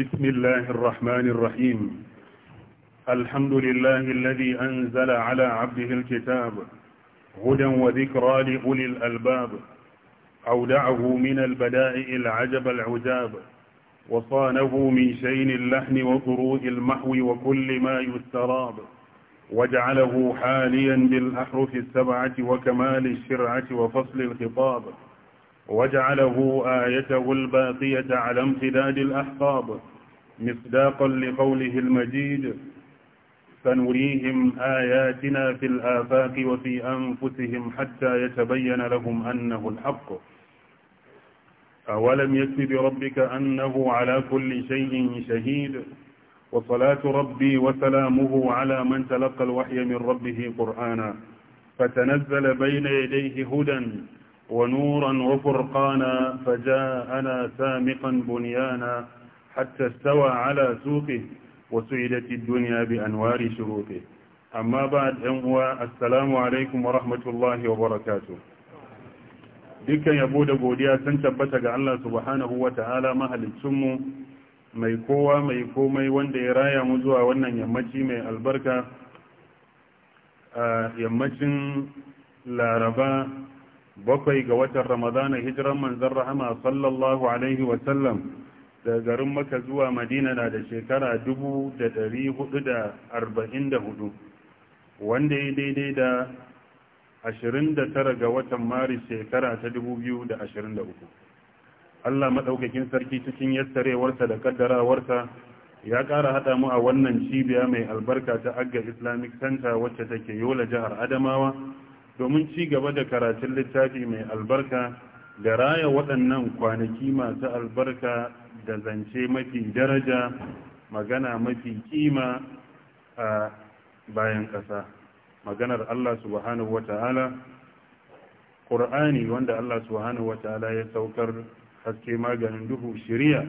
بسم الله الرحمن الرحيم الحمد لله الذي أنزل على عبده الكتاب هدى وذكرى لأولي الألباب أودعه من البدائع العجب العجاب وصانه من شين اللحن وطروء المحو وكل ما يستراب وجعله حاليا بالأحرف السبعة وكمال الشرعة وفصل الخطاب وجعله آيته الباقية على امتداد الأحقاب مصداقا لقوله المجيد سنريهم آياتنا في الآفاق وفي أنفسهم حتى يتبين لهم أنه الحق أولم يكف بربك أنه على كل شيء شهيد وصلاة ربي وسلامه على من تلقى الوحي من ربه قرآنا فتنزل بين يديه هدى ونورا وفرقانا فجاءنا سامقا بنيانا hatta حتى استوى على سوقه وسعدت الدنيا بأنوار شروطه أما بعد أموى السلام عليكم ورحمة wa barakatu. dukkan yabo da godiya sun tabbata ga Allah hu wata ta'ala mahalicinmu mai kowa mai komai wanda ya raya mu zuwa wannan yammaci mai albarka a yammacin laraba bakwai ga watan ramadana hijiran manzan rahma sallallahu alaihi wasallam daga garin maka zuwa madina na da shekara 444 wanda ya daidai da 29 ga watan maris shekara ta 2023 allah maɗaukakin sarki cikin yassarewarsa da kaddarawarsa ya ƙara haɗa mu a wannan cibiya mai albarka ta agga islamic center wacce take yola jihar adamawa domin ci gaba da karatun littafi mai albarka da raya waɗannan kwanaki masu albarka da zance mafi daraja magana mafi kima a bayan ƙasa maganar Allah subhanahu wata'ala ƙur'ani wanda Allah subhanahu wata'ala ya saukar haske maganin duhu shirya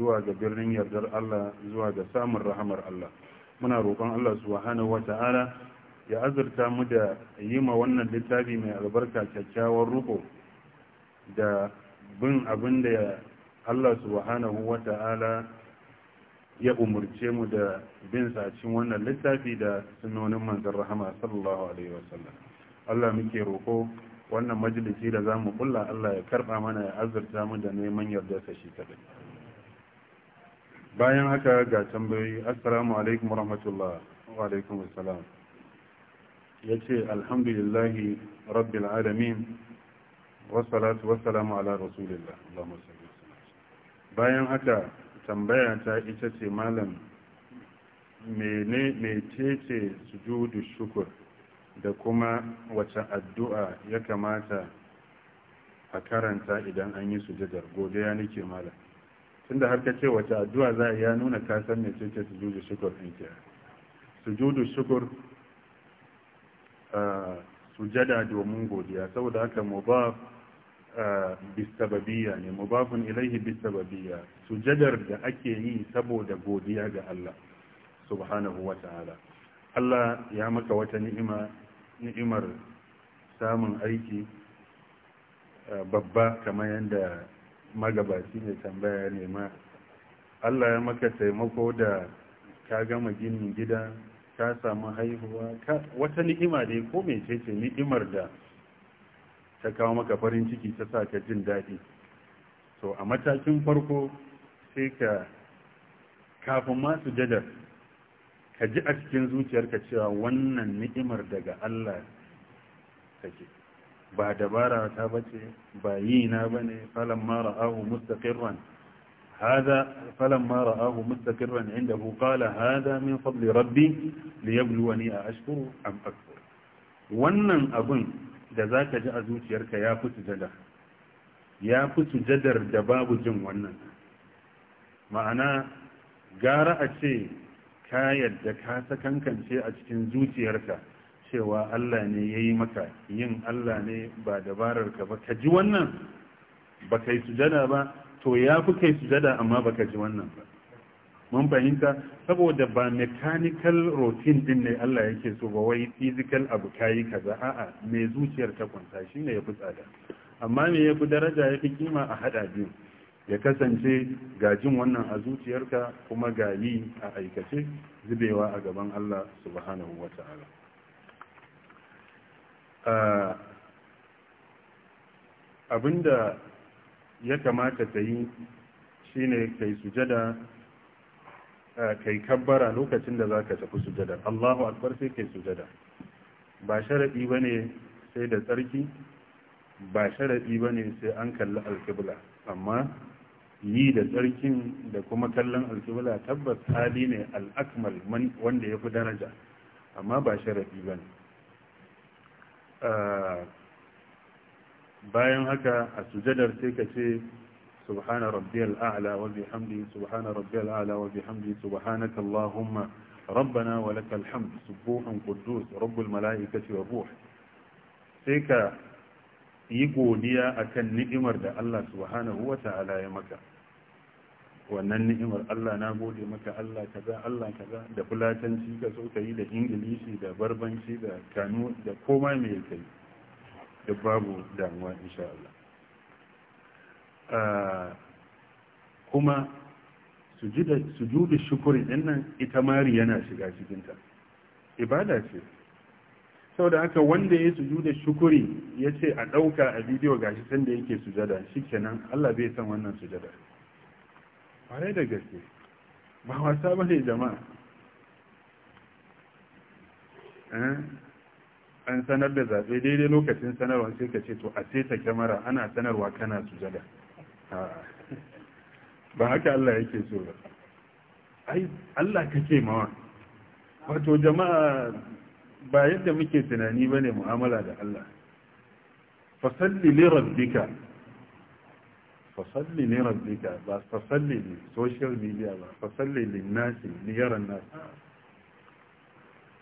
zuwa ga birnin yardar Allah zuwa ga samun rahamar Allah muna roƙon Allah subhanahu wata'ala ya azurta mu da yi ma wannan littafi mai albarka kyakkyawar ruhu. da bin abin da Allah subhanahu wa ta'ala ya umurce mu da bin cikin wannan littafi da sunonin manzan rahama sallallahu alaihi wasallam Allah muke roko wannan majalisi da za mu kulla Allah ya karba mana ya azurta mu da neman ta shi kadai bayan haka ga tambayoyi assalamu alaikum rahmatullah wa alaikum assalam ya ce alhamdulillahi rabbil alamin wasalatu wasalamu ala rasulillah Allahumma salli bayan haka tambaya ta ita ce malam mene metece sujudu shukur da kuma wace addu'a ya kamata a karanta idan an yi sujadar godiya nake malam tunda har ka ce wace addu'a za ya nuna ka san metece sujudu shukur din ke sujudu shukur ah, sujada domin godiya saboda haka mubaf eh, bisababiyya ne mubafun ilaihi bisababiyya sujadar da ake yi saboda godiya ga Allah subhanahu wa ta'ala Allah ya maka wata ni'ima ni'imar samun aiki eh, babba kamar yadda magabaci ne tambaya nema Allah ya maka taimako da ka gama ginin gida ka samu haihuwa wata ni'ima dai ko mece ce ni'imar da ta kawo maka farin ciki ta sa ka jin daɗi to a matakin farko sai ka kafin masu jadar ka ji a cikin zuciyarka cewa wannan ni'imar daga Allah take ba dabara ta bace ba yi na bane falan mara ahu mustaqirran هذا فلما رآه مستقرا عنده قال هذا من فضل ربي ليبلوني أشكر أم أكفر wannan abin da za ka ji a zuciyarka ya fi sujada ya fi sujadar da babu jin wannan ma'ana gara a ce ka yadda ka sakankance a cikin zuciyarka cewa Allah ne ya yi maka yin Allah ne ba dabararka ba ka ji wannan ba ka yi sujada ba to ya fi kai sujada amma baka ji wannan ba mun fahimta saboda ba mechanical routine din ne Allah yake so ba wai physical abu kayi kaza a'a me zuciyar ta kwanta shine yafi tsada amma me yafi daraja yafi kima a hada biyu ya kasance ga jin wannan a zuciyarka kuma ga yi a aikace zubewa a gaban Allah subhanahu wata'ala abinda ah, ya kamata ta yi shi ne kai sujada eh, kai kabbara lokacin da za ka tafi sujada Allahu akbar sai kai sujada ba ba ne sai da tsarki ba ba ne sai an kalli alkibla amma yi da tsarkin da kuma kallon alkibla tabbas hali ne al-akmal wanda fi daraja amma ba ba ne. Eh, bayan haka a sujadar sai ka ce subhana rabbiyal a'la wa bihamdi subhana rabbiyal a'la wa bihamdi subhanaka allahumma rabbana wa lakal hamd subuhun quddus rabbul malaikati wa ruh sai ka yi godiya akan ni'imar da Allah subhanahu wa ta'ala ya maka wannan ni'imar Allah na gode maka Allah kaza Allah kaza da fulatanci ka so ka yi da ingilishi da barbanci da kanu da komai mai kai duk babu damuwa insha Allah ah, kuma da shukuri din nan ita mari yana shiga cikinta ibada ce sau da aka wanda ya da shukuri ya ce a ɗauka a bidiyo ga gashi sanda yake jada, shi kenan Allah bai san wannan su jada. ƙwarai da gaske ba wasa ba ne jama'a eh? an sanar da zaɓe daidai lokacin sanarwa sai ka ce to a seta kyamara ana sanarwa kana sujada ba haka Allah yake so ba ai Allah kake mawa wato jama'a ba yadda muke tunani bane mu'amala da Allah fasalli li rabbika fasalli li rabbika ba fasalli li social media ba fasalli lin nasi li yara nasi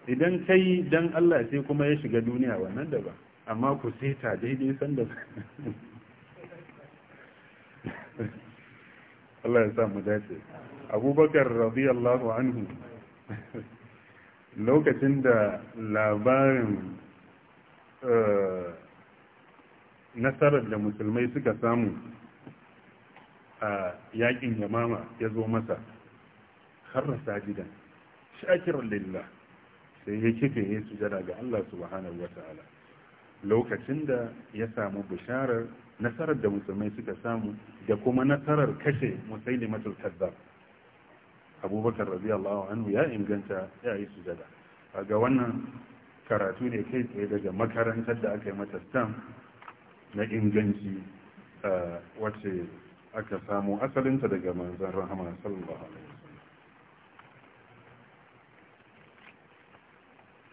idan ka yi don Allah sai kuma ya shiga duniya wannan da ba amma ku seta daidai sanda Allah ya sa mu dace abubakar radiyallahu anhu lokacin da labarin eh, nasarar da musulmai suka samu a yakin yamama ya zo masa har gidan shakirar lillah sai ya kife ya sujada ga Allah subhanahu wa ta'ala lokacin da ya samu bisharar nasarar da musulmai suka samu da kuma nasarar kashe matul kazzab abubakar radiyallahu anhu ya inganta ya yi sujada ga wannan karatu ne kai tsaye daga makarantar da aka yi mata na inganci eh, wacce aka samu asalinta daga manzan rahama sallallahu alaihi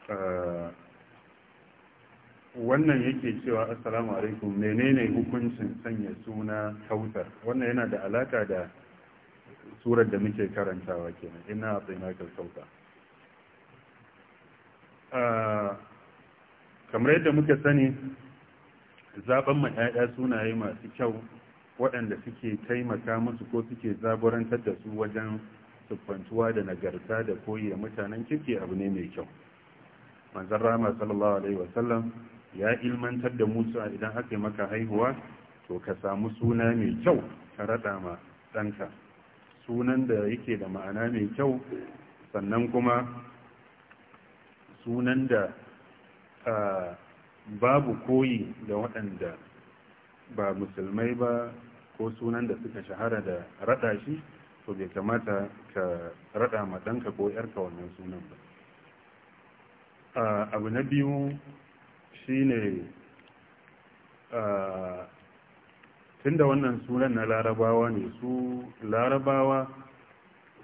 Eh, wannan yake cewa assalamu alaikum menene hukuncin sanya suna kautar wannan yana da alaka da surar da muke karantawa kenan ina a kautar kamar yadda muka sani zaben ma 'ya'ya sunaye masu kyau waɗanda suke taimaka musu ko suke zaburantar da su wajen tuffantuwa da nagarta da koyi mutanen kirki abu ne mai kyau manzon rahama sallallahu alaihi wasallam ya ilmantar da musu idan aka maka haihuwa to ka samu suna mai kyau ka rada ma ɗanka sunan da yake da ma'ana mai kyau sannan kuma sunan da babu koyi da waɗanda ba musulmai ba ko sunan da suka shahara da rada shi to bai kamata ka rada ma ɗanka ko 'yarka wannan sunan ba abu na biyu shi ne, tun da wannan sunan na larabawa ne su larabawa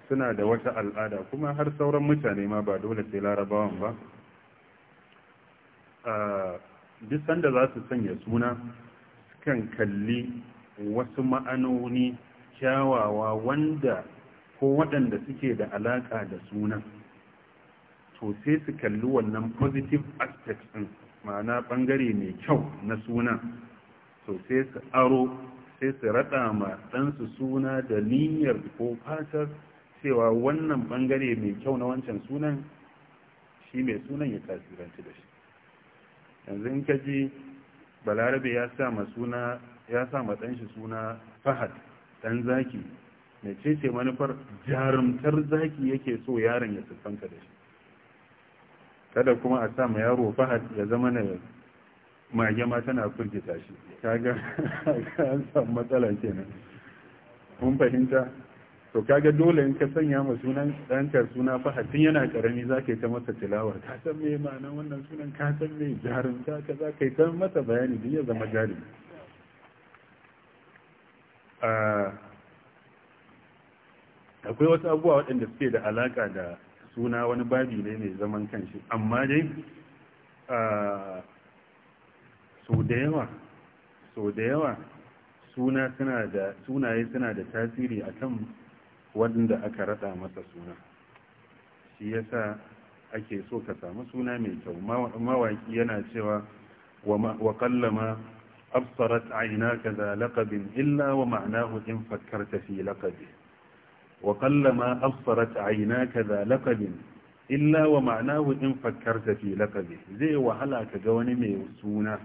suna da wata al'ada kuma har sauran mutane ma ba dole sai larabawan ba duk sanda za su sanya suna kan kalli wasu ma'anoni kyawawa wanda ko waɗanda suke da alaƙa da sunan to sai su kalli wannan positive aspect ɗin ma'ana bangare mai kyau na suna to sai su aro sai su raɗa ma ɗansu suna da niyyar ko fatar cewa wannan bangare mai kyau na wancan sunan shi mai sunan ya tasiranci da shi yanzu in ka balarabe ya sa ma suna ya sa ma ɗanshi suna fahad ɗan zaki mai ce manufar jarumtar zaki yake so yaron ya siffanka da shi kada kuma a sa ma yaro fahad ya zama na mage ma tana firgita shi ga an samu matsala kenan kun fahimta to kaga dole in ka sanya ma sunan ɗanka suna fahad tun yana ƙarami za ka yi ta masa tilawa ka san me ma'anar wannan sunan ka san me jarumta ka za ka yi ta masa bayani duk ya zama jari ah, akwai wasu abubuwa waɗanda suke da alaƙa da suna wani babi ne mai zaman kanshi amma dai so da yawa so da yawa sunaye suna da tasiri akan waɗanda aka rada masa suna shi yasa ake so ka samu suna mai kyau mawaki yana cewa wa kallama absarat aina kaza laqabin illa wa ma'ana in fakkarta fi laqabi وقل ما أبصرت عيناك ذا لقب إلا ومعناه إن فكرت في لقبه زي wani mai ميوسونا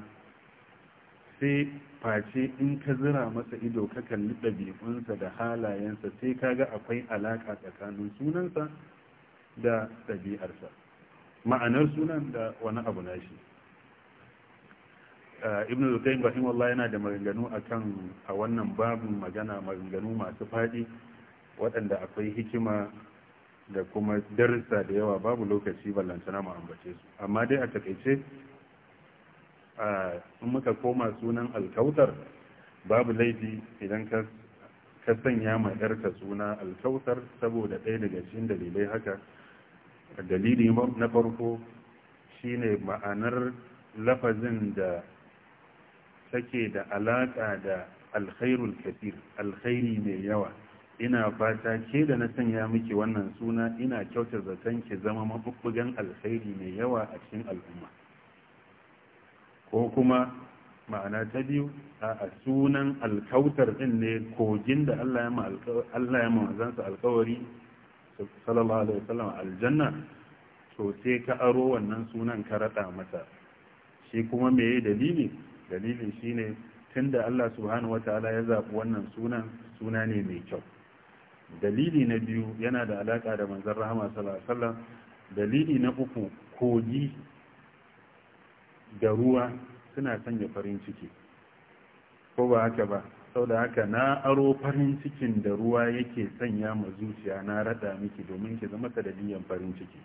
sai face in ka zira masa ido ka kalli ɗabi'unsa da halayensa sai kaga akwai alaƙa tsakanin sunansa da ɗabi'arsa ma'anar sunan da wani abu nashi ibn al-qayyim yana da maganganu akan a wannan babin magana maganganu masu faɗi waɗanda akwai hikima da kuma darussa da yawa babu lokaci ballantana mu ambace su amma dai a takaice in muka koma sunan alkautar babu laifi idan ka sanya ma ɗarka suna alkautar saboda ɗaya daga cikin dalilai haka dalili na farko shine ma'anar lafazin da take da alaƙa da alkhairul kafir alkhairi mai yawa ina fata ke da na sanya miki wannan suna ina kyauta zaton ki zama mabubbugan alkhairi mai yawa a cikin al'umma ko kuma ma'ana ta biyu a sunan alkautar din ne kogin da Allah ya ma Allah alkawari sallallahu alaihi wasallam aljanna to sai ka aro wannan sunan ka rada mata shi kuma meye dalili dalili shine tunda Allah subhanahu wataala ya zabi wannan sunan suna ne mai kyau dalili na biyu yana da alaƙa da manzon rahama sallallahu dalili na uku kogi da ruwa suna sanya farin ciki ko ba haka ba saboda haka na aro farin cikin da ruwa yake sanya ma zuciya na rada miki domin ki zama dalilin farin ciki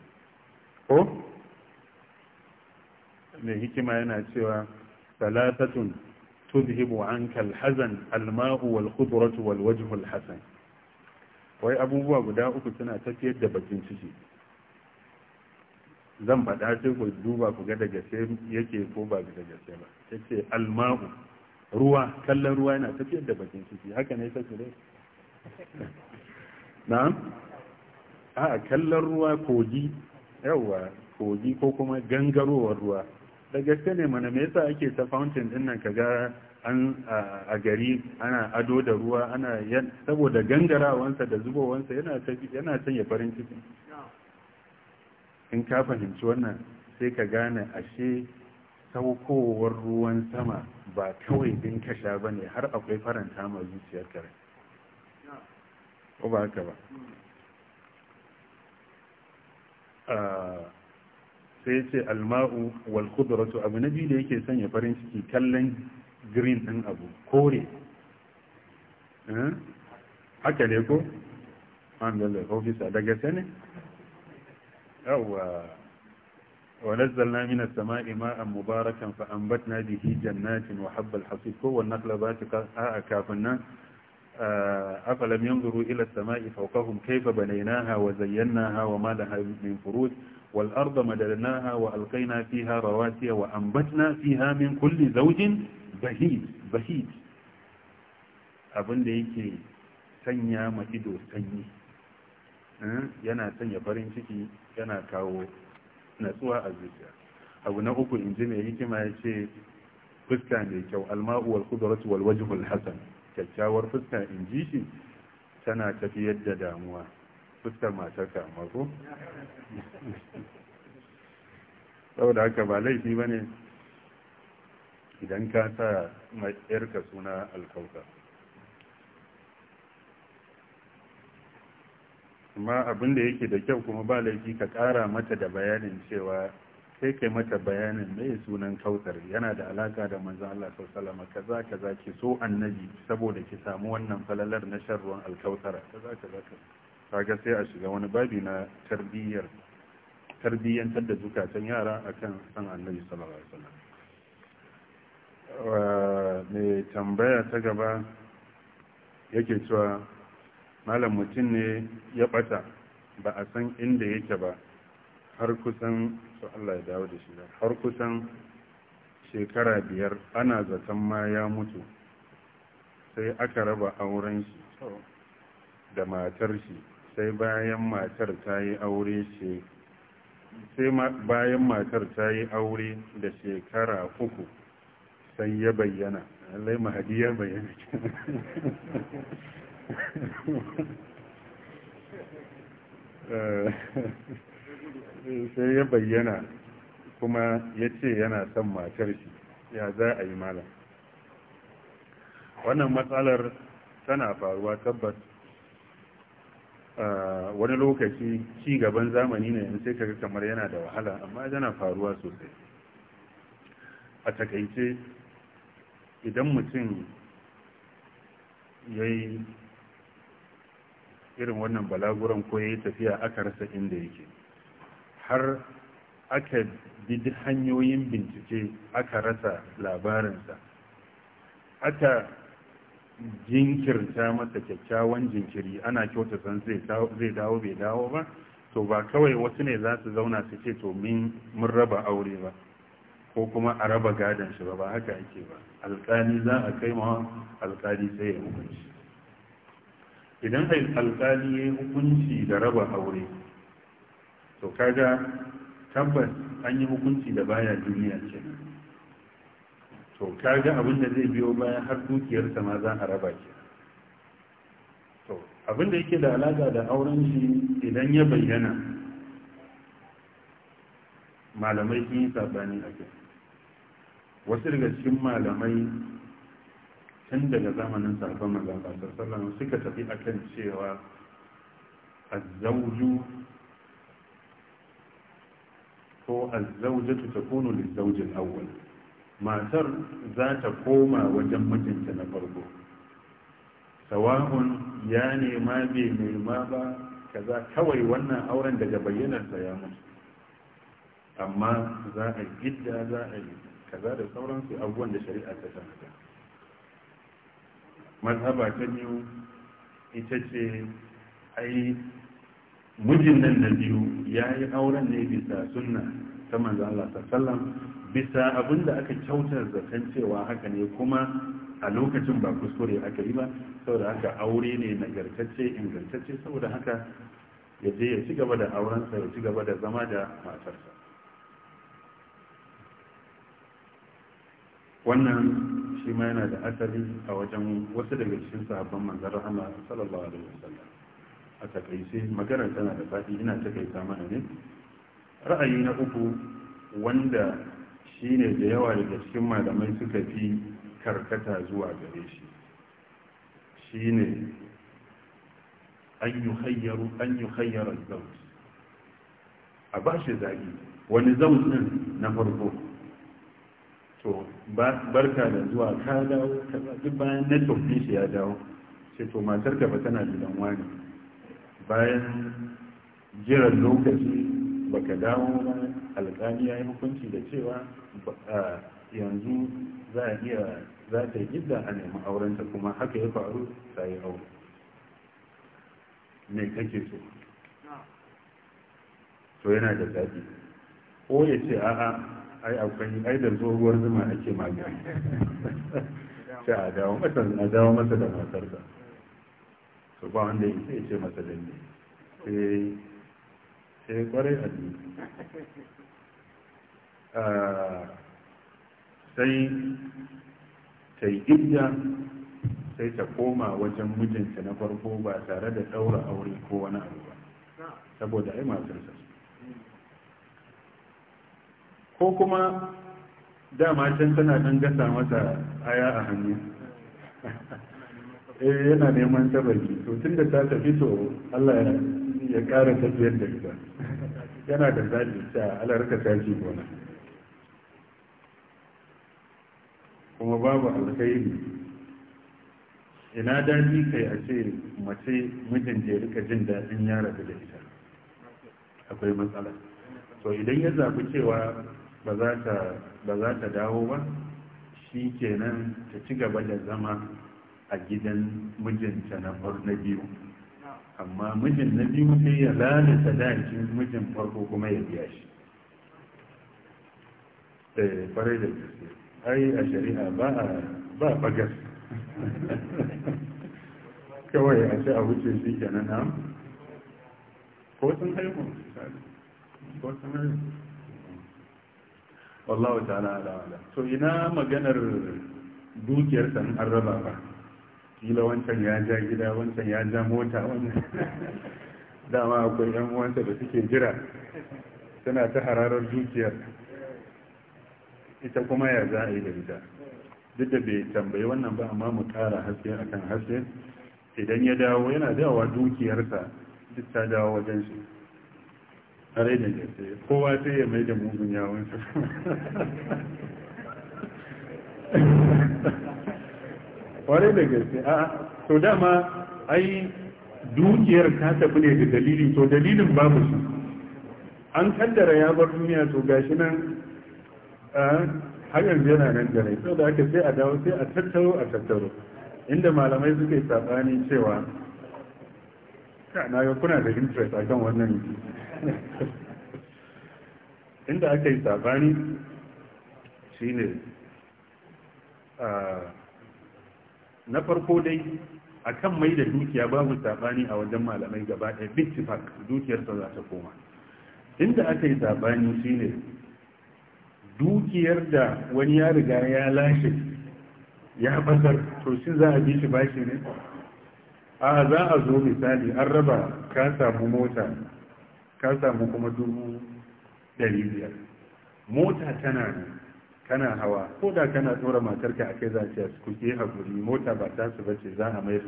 ko mai hikima yana cewa salatatun tuzhibu anka alhazan alma'u wal khudratu wal wajhul alhasan wai abubuwa guda uku suna tafiyar da bakin ciki zan faɗa sai ku duba ku ga daga sai yake ko ba daga gaske ba ta ce alma'u ruwa kallon ruwa yana tafiyar da bakin ciki haka ne ta dai na'am a kallon ruwa kogi yawa kogi ko kuma gangarowar ruwa da gaske ne mana me yasa ake ta fountain din nan kaga an a gari ana ado da ruwa ana saboda gangarawansa da zubowansa yana yana sanya farin ciki in ka fahimci wannan sai ka gane ashe saukowar ruwan sama ba kawai din kasha ba ne har akwai faranta ma zuciyar kare ko ba haka ba sai ce alma'u wal kudratu abu na biyu da yake sanya farin ciki kallon green ɗin abu kore eh? haka ne ko an da ofisa daga sani ونزلنا من السماء ماء مباركا فأنبتنا به جنات وحب الحصيد هو النخل باتقة أكافنا أفلم ينظروا إلى السماء فوقهم كيف بنيناها وزيناها وما لها من فروج والأرض مددناها وألقينا فيها رواسي وأنبتنا فيها من كل زوج bahid bahid abinda yake sanya ma ido sanyi eh, yana sanya farin ciki yana kawo natsuwa a zuciya abu na uku in ji mai hikima ya ce fuska mai kyau alma'u wal kudratu hasan kyakkyawar fuska in ji shi tana tafiyar da damuwa fuskar matar amma ko saboda haka ba laifi bane idan ka sa yarka suna alkauka amma abin da yake da kyau kuma ba laifi ka kara mata da bayanin cewa sai kai mata bayanin mai sunan kautar yana da alaka da manzan Allah za ka za ki so annabi saboda ki samu wannan falalar na sharruwan alkautara kaza Ka kaga sai a shiga wani babi na tarbiyyar tarbiyyantar da zukatan yara akan san annabi sallallahu alaihi wasallam mai tambaya ta gaba yake cewa malam mutum ne ya bata ba a san inda yake ba har kusan su Allah ya dawo da shi har kusan shekara biyar ana zaton ma ya mutu sai aka raba auren shi da matar shi sai bayan matar ta yi aure sai bayan matar ta yi aure da shekara uku sai ya bayyana lai mahadi ya bayyana eh, sai ya bayyana kuma ya ce yana son matar shi ya za a yi malam wannan matsalar tana faruwa tabbas ah, wani lokaci ci gaban zamani ne sai kaga kamar yana da wahala amma yana faruwa sosai a takaice idan mutum ya yi irin wannan balaguran ko ya yi tafiya aka rasa inda yake har aka bi hanyoyin bincike aka rasa labarinsa aka jinkirta masa kyakkyawan jinkiri ana kyauta san zai dawo bai dawo ba to ba kawai wasu ne za su zauna su ce to mun raba aure ba ko kuma a raba gadon shi ba ba haka ake ba alkali za a kai ma alkali sai ya hukunci idan alkali ya hukunci da raba aure to kaga tabbas an yi hukunci da baya duniya ce to kaga abin da zai biyo bayan har dukiyar ma za a raba ke to abin da yake da alaƙa da auren shi idan ya bayyana malamai sun yi sabani a kai wasu daga cikin malamai tun daga zamanin sabon mazaba sassalan suka tafi a kan cewa azzauju ko azzaujatu takunu zaujin awwal matar za ta koma wajen mijinta na farko sawa'un ya nema bai nema ba kaza kawai wannan auren daga bayyanarsa ya mutu amma za a gidda za a yi kaza da sauransu abubuwan da shari'a ta tanada mazhaba ta biyu ita ce ai mijin nan na biyu ya yi auren ne bisa sunna ta manzan Allah sallam bisa abin da aka kyautar zaton cewa haka ne kuma a lokacin ba kuskure aka yi ba saboda haka aure ne nagartacce ingantacce saboda haka ya je ya ci gaba da aurensa ya ci gaba da zama da matarsa wannan shi ma yana da asali a wajen wasu daga cikin sahabban manzan rahama sallallahu alaihi wasallam a takaice magana tana da fadi ina takaita mana ne ra'ayi na uku wanda shine da yawa daga cikin malamai suka fi karkata zuwa gare shi shine an yi hayyaru an yi hayyar zaus a ba shi zagi wani zaus ɗin na farko to barka da zuwa ka dawo duk bayan network ɗin shi ya dawo ce to matar ka ba tana gidan wani bayan jiran lokaci baka dawo ba alƙali ya yi hukunci da cewa yanzu za a iya za ta yi idda a nemi aurenta kuma haka ya faru ta yi aure me kake so to yana da zaɓi ko ya ce a'a ai akwai ai da tsohuwar zuma ake magani sai a dawo masa a dawo masa da matarsa to ba wanda ya sai ce masa danne sai sai kwarai a ah, sai ta yi idda sai ta koma wajen mijinta na farko ba tare da ɗaura aure ko wani abu ba saboda ai matarsa ko kuma dama can tana nan gasa masa aya a hannu eh yana neman tabarki to tun da ta tafi to Allah ya kara tafiyar da ita yana da zaɓi ta alarka ta ji gona kuma babu alkhairi ina daɗi kai a ce mace mijin da ya rika jin daɗin ya rabu da ita akwai matsala to idan ya zafi cewa ba za ta dawo ba shi kenan ta ci gaba da zama a gidan mijinta na na biyu amma mijin na biyu sai ya lalata dakin mijin farko kuma ya biya shi eh farai da gaske ai a shari'a ba a ba bagas kawai a ce a wuce shi kenan na ko sun haihu ko sun haihu wallahu ta'ala ala so ina maganar dukiyar san an raba ba kila wancan ya ja gida wancan ya ja mota wannan dama akwai yan uwansa da suke jira suna ta hararar dukiyar ita kuma ya za a yi da ita duk da bai tambayi wannan ba amma mu kara haske akan haske idan ya dawo yana dawa dukiyarsa duk ta dawo wajen shi kare da gaske kowa sai ya mai da mugun yawon su kware da gaske a to dama ai dukiyar ta tafi ne da dalilin to dalilin babu shi an kaddara ya bar duniya to gashi nan har yanzu yana nan da rai da aka sai a dawo sai a tattaro a tattaro inda malamai suka yi sabani cewa na yi kuna da interest a kan wannan inda aka yi sabani shi ne na farko dai a kan mai da dukiya babu sabani a wajen malamai gaba ɗaya dukiyar dukiyarsa za ta koma inda aka yi sabani shi ne dukiyar da wani ya riga ya lashe ya fasar to shi za a bi shi bashi ne a za a zo misali an raba ka samu mota ka samu kuma dubu dari biyar mota tana ne kana hawa ko da kana tsora matarka a kai za a ce su kuke haƙuri mota ba ta su bace za a mayar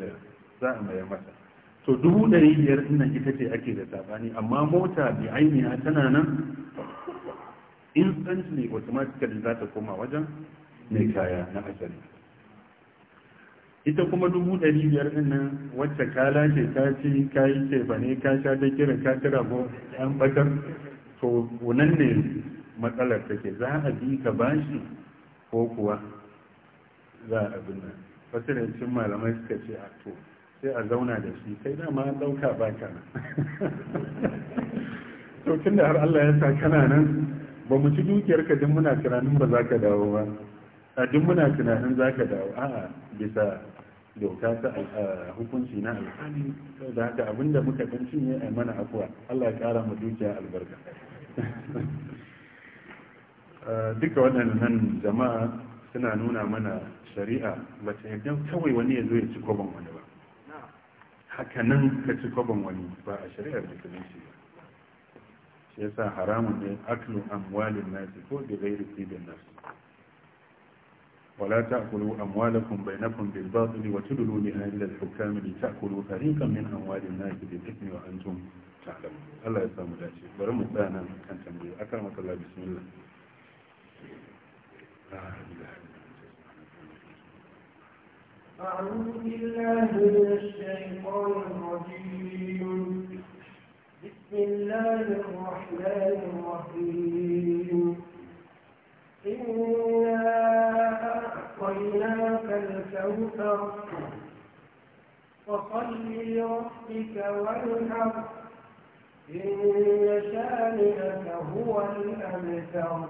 za a mai mata to dubu dari biyar ina ita ce ake da sabani amma mota bi ainiya tana nan instantly automatically za ta koma wajen mai kaya na asali ita kuma dubu ɗari biyar ɗin nan wacce ka lashe ka ci ka yi kefa ne ka sha ta kiran ka ci rabo ɗan ɓatar to wunan ne matsalar take za a bi ka bashi ko kuwa za a abin nan malamai suka ce a to sai a zauna da shi kai dama ɗauka ba ka nan to da har Allah ya sa kana nan ba mu ci dukiyar ka din muna tunanin ba za ka dawo ba a duk muna tunanin za ka dawo a'a bisa doka ta hukunci na alƙali da haka abinda muka dan a mana afuwa Allah ya kara mu dukiya albarka duka waɗannan jama'a suna nuna mana shari'a ba ta yarda kawai wani ya zo ya ci kwaban wani ba haka nan ka ci kwaban wani ba a shari'ar musulunci ba shi yasa haramun ne aklu amwalin nasi ko da gairi da nasu. ولا تأكلوا أموالكم بينكم بالباطل وتدلوا بها إلى الحكام لتأكلوا فريقا من أموال الناس بالإثم وأنتم تعلمون الله يسلم داشي برمو ثانا كان تنبيه أكرمك الله بسم الله أعوذ بالله من الشيطان الرجيم بسم الله الرحمن الرحيم إنا أعطيناك الكوثر فصل لربك وانحر إن شانئك هو الأبتر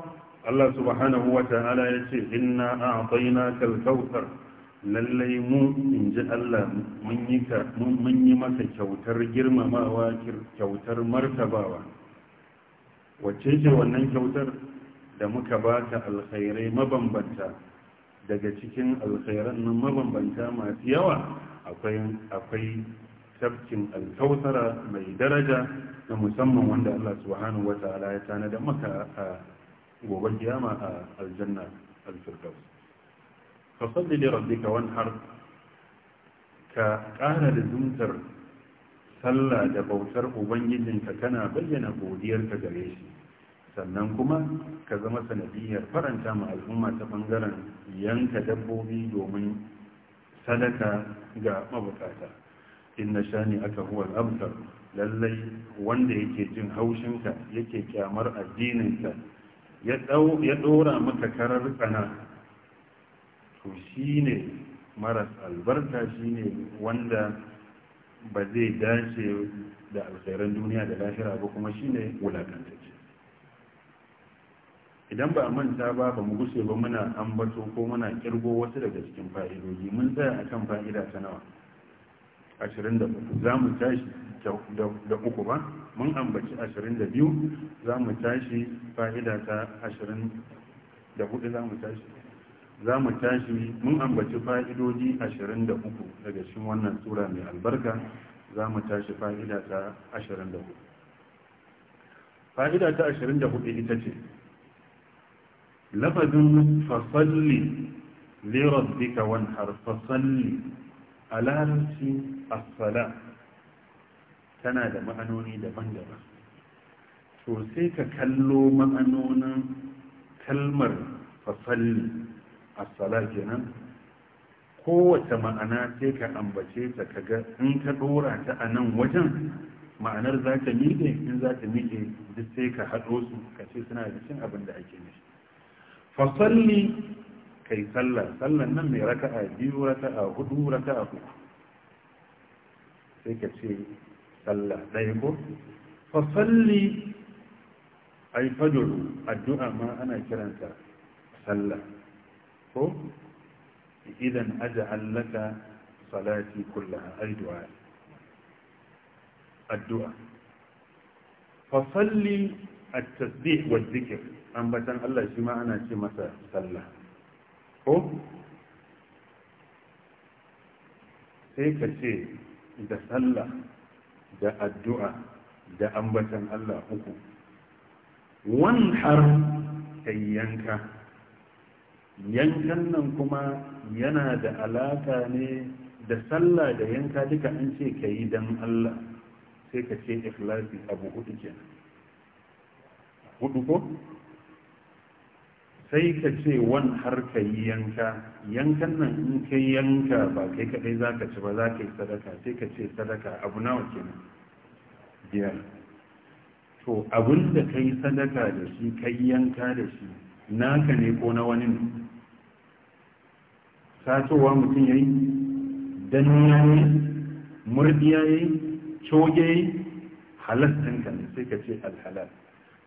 Allah subhanahu wa ta'ala ya ce, Inna a na kalkautar, lallai mu in ji Allah mun yi masa kyautar girmamawa, kyautar martabawa. Wacce ce wannan kyautar da muka baka alkhairai mabambanta daga cikin alkhairan nan mabambanta masu yawa akwai tafkin alkautara mai daraja na musamman wanda Allah subhanahu wata'ala ya tanada maka a gobe kiyama a aljanna alfirdaus Ka salli li rabbika har ka ƙara da zumtar sallah da bautar ubangijinka kana bayyana godiyarka gare shi sannan kuma ka zama sanadiyar faranta ma al'umma ta bangaren yanka dabbobi domin sadaka ga mabukata In inna shani aka huwa al'abtar lallai wanda yake jin haushinka yake kyamar addininka ya ɗora maka karar tsana to shi ne maras albarka shi ne wanda ba zai dace da alkhairan duniya da lahira ba kuma shi ne wulakantacce idan ba a manta ba ba mu gushe ba muna ambato ko muna kirgo wasu daga cikin fa'idoji mun tsaya a kan fa'ida ta nawa 24 za mu tashi da uku ba mun ambaci 22 za mu tashi fa'ida ta 24 za mu tashi za mu tashi mun ambaci fa'idoji 23 daga cikin wannan tsura mai albarka za mu tashi fa'ida ta 24 fa'ida ta 24 ita ce lafazin fasalli lirabbika wanhar fasalli a larabci asala tana da ma'anoni daban-daban to sai ka kallo ma'anonin kalmar fasalli asala kenan kowace ma'ana sai ka ambace ta kaga in ka dora ta a nan wajen ma'anar za ta miƙe in za ta miƙe duk sai ka haɗo su ka ce suna da cin abin da ake nishi فصلي كي صلى صلى من ركعة دي ركعة هدو ركعة سيكا شيء صلى دايبو فصلي أي فجر الدعاء ما أنا كرنسا صلى إذا أجعل لك صلاتي كلها أي دعاء الدعاء فصلي A tasbih wa dhikr ambatan Allah shi ma ana ce masa sallah ko sai ka ce da sallah da addu'a da ambatan Allah uku wanhar kai yanka yankan nan kuma yana da alaka ne da sallah da yanka duka an ce ka yi don Allah sai ka ce ikhlasi abu hudu kenan hudu ko sai ka ce wan har ka yi yanka yankan nan in ka yanka ba kai kadai za ka ci ba za ka yi sadaka sai ka ce sadaka abu nawa kenan biyar to abin da ka yi sadaka da shi ka yi yanka da shi naka ne ko na wani ne satowa mutum ya yi danniya ne murdiya ya yi coge ya yi sai ka ce alhalal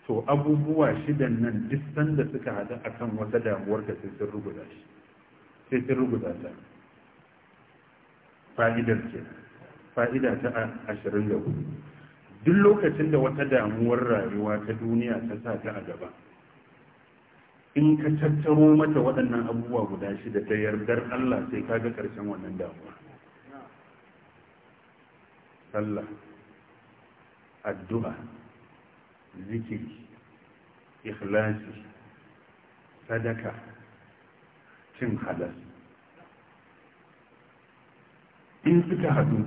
to abubuwa shidan nan duk sanda suka hadu akan wata damuwar da sai sun ruguza shi sai sun ruguza ta fa'idar ke fa'ida ta hudu duk lokacin da wata damuwar rayuwa ta duniya ta sa ta a gaba in ka tattaro mata waɗannan abubuwa guda shida ta yardar Allah sai ka ga ƙarshen wannan damuwa Allah addu'a zikiri ikhlasi sadaka cin halarci, in suka haɗu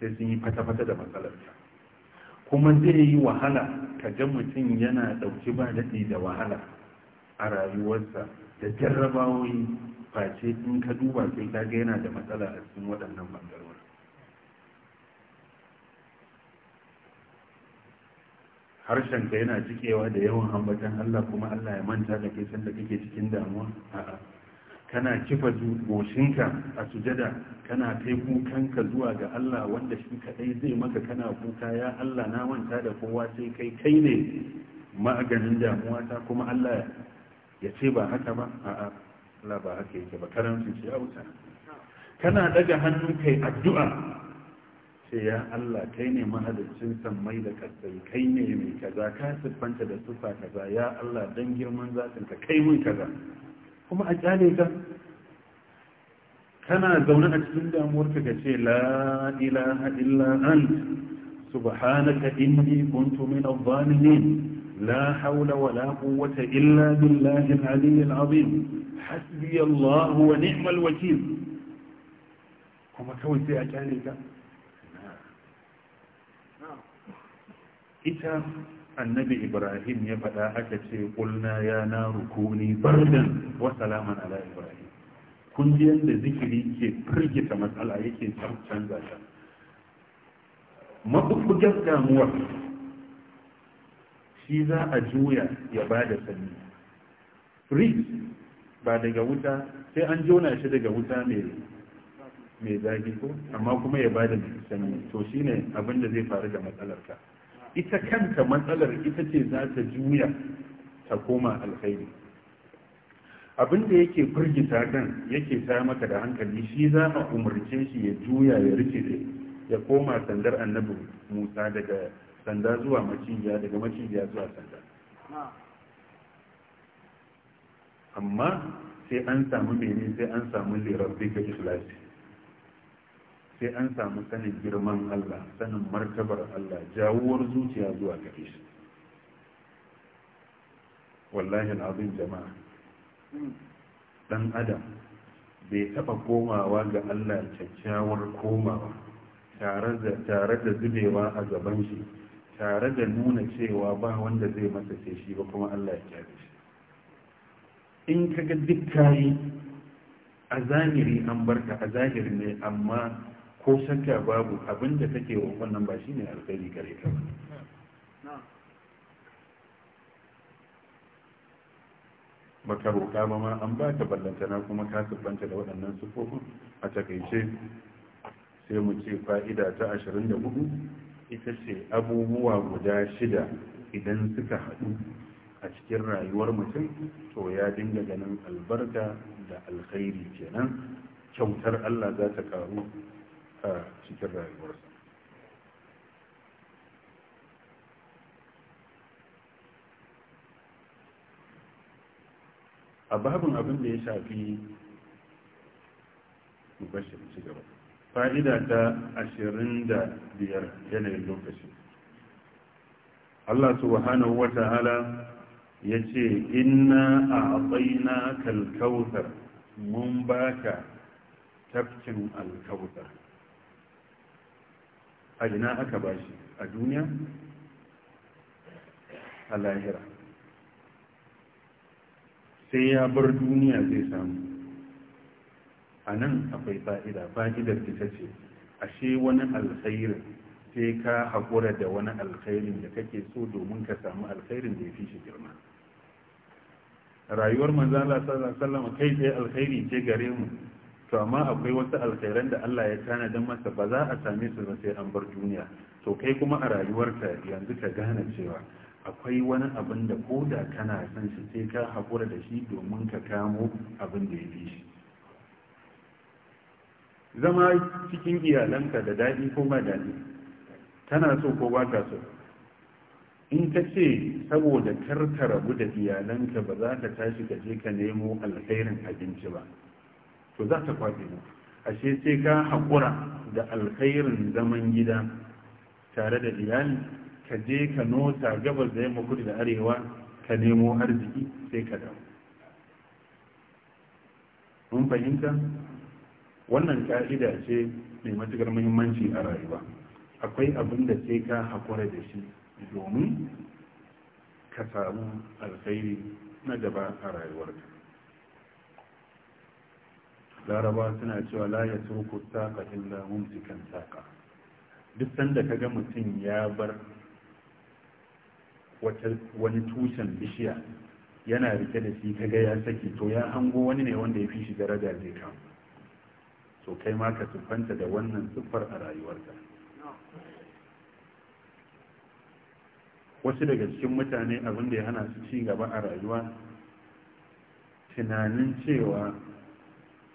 sai sun yi fata-fata da matsalarsa kuma zai yi wahala ka ga mutum yana ɗauki ba daɗi da wahala a rayuwarsa da jarrabawoyi face in ka duba sai ka ga yana da matsala a cikin waɗannan ɓangarorin harshen ka yana cikewa da yawan ambatan Allah kuma Allah ya manta da kai sanda kake cikin damuwa a'a kana kifa goshinka a sujada kana kai kukanka zuwa ga Allah wanda shi kadai zai maka kana kuka ya Allah na manta da kowa sai kai kai ne maganin damuwa ta kuma Allah ya ce ba haka ba a'a Allah ba haka yake ba shi kana daga hannun kai addu'a ce ya Allah kai ne mahaliccin sammai da kasai kai ne mai kaza ka siffanta da sufa kaza ya Allah dan girman zatinka kai mun kaza kuma a kyale ka kana zaune a cikin damuwarka ka ce la ilaha illa ant subhanaka inni kuntu min adh-dhalimin la hawla wa la quwwata illa billahi al-'ali al-'azim wa ni'mal wakeel kuma kawai sai a kyale ka ita annabi ibrahim ya faɗa aka ce ƙulna ya na rukuni bardan wa salaman ala ibrahim kun ji yadda zikiri ke firgita matsala yake canza ta mabubugar damuwar shi za a juya ya bada da sani ba daga wuta sai an jona shi daga wuta mai zagi ko amma kuma ya bada da sani to shine abin da zai faru da matsalarka ita kanta matsalar ita ce za ta juya ta koma alkhairi abin da yake firgita kan yake ta maka da hankali shi za a umarce shi ya juya ya rikice ya koma sandar annabi musa daga sanda zuwa macijiya daga macijiya zuwa sanda amma sai an samu mene sai an samu lirar ga ikhlasi sai an samu sanin girman Allah sanin martabar Allah jawuwar zuciya zuwa gare shi wallahi abin jama'a dan adam bai taɓa komawa ga Allah kyakkyawar komawa tare da zubewa a gaban shi tare da nuna cewa ba wanda zai masa sai shi ba kuma Allah ya kyale shi in kaga duk kayi a zahiri an barka a zahiri ne amma ko shakka babu abin da take wa wannan ba shine alkhairi gare ka ba baka roƙa ba ma an ba ta ballantana kuma ka siffanta da waɗannan siffofin a takaice sai mu ce fa'ida ta ashirin da hudu ita ce abubuwa guda shida idan suka haɗu a cikin rayuwar mutum to ya dinga ganin albarka da alkhairi kenan kyautar Allah za ta karu a cikin rayuwarsa a babin abin da ya shafi mubashir ci gaba fa'ida ta ashirin da biyar yanayin lokaci Allah subhanahu wa ta'ala ya ce inna a tsayina kalkautar mun baka tafkin alkautar a ina aka ba shi a duniya a lahira sai ya bar duniya zai samu a nan akwai fa'ida fa'idar ita ce ashe wani alkhairin sai ka haƙura da wani alkhairin da kake so domin ka samu alkhairin da ya fi shi girma rayuwar manzala sallallahu alaihi wasallam kai tsaye alkhairi ce gare mu to amma akwai wasu alkhairan da Allah ya tana don masa ba za a same su ba sai an bar duniya to kai kuma a rayuwarka yanzu ka gane cewa akwai wani abin da ko da kana son shi sai ka haƙura da shi domin ka kamo abin da ya fi shi zama cikin iyalanka da daɗi ko ba daɗi tana so ko ba ka so in ka ce saboda ka rabu da iyalanka ba za ka tashi ka je ka nemo alkhairin abinci ba to za ta kwafe mu ashe sai ka haƙura da alkhairin zaman gida tare da iyali ka je ka nota gabas da yamma kudu da arewa ka nemo arziki sai ka dawo mun fahimta wannan ka'ida ce mai matuƙar muhimmanci a rayuwa akwai abin da sai ka haƙura da shi domin ka samu alkhairi na gaba a rayuwarka laraba suna cewa la ya turku saka illa mumsikan saka duk sanda kaga mutum ya bar wani tushen bishiya yana rike da shi kaga ya saki to ya hango wani ne wanda ya fi shi daraja zai kama to kai ma ka siffanta da wannan siffar a rayuwarka wasu daga cikin mutane abin da ya hana su ci gaba a rayuwa tunanin cewa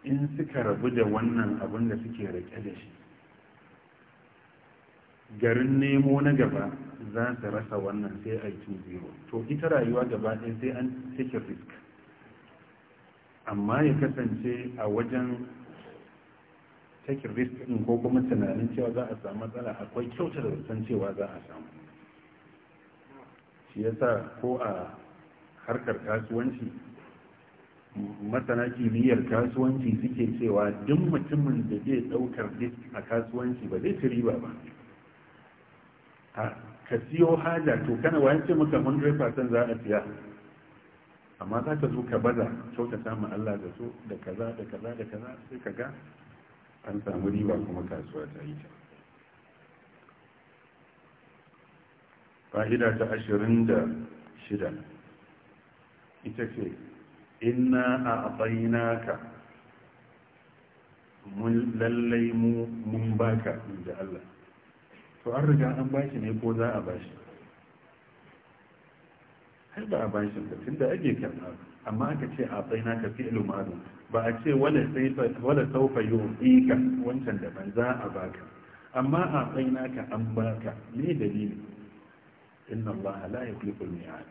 in suka rabu da wannan abin da suke rike da shi garin nemo na gaba za su rasa wannan sai a yi to ita rayuwa gaba ɗaya sai an take risk amma ya kasance a wajen take risk ɗin ko kuma tunanin cewa za a samu matsala akwai kyauta da san cewa za a samu shi yasa ko a harkar kasuwanci masana kimiyyar kasuwanci suke cewa duk mutumin da zai daukar risk a kasuwanci ba zai ci riba ba A ka siyo haja to kana wa ce maka 100% za a siya amma za ka zo ka baza kyauta samun Allah da so da kaza da kaza da kaza sai ka ga an samu riba kuma kasuwa ta yi ta fa'ida ta ashirin da shida ita ce inna a ka mun lallai mu mun ka, inji Allah to an riga an bashi ne ko za a bashi har ba a bashi ba tunda ake karɓa amma aka ce a baina ka fi ilmadu ba a ce wala saufa yi ka wancan da ban za a ba ka. amma a baina ka an ba ka, me dalili inna Allah la yukhliqul mi'ad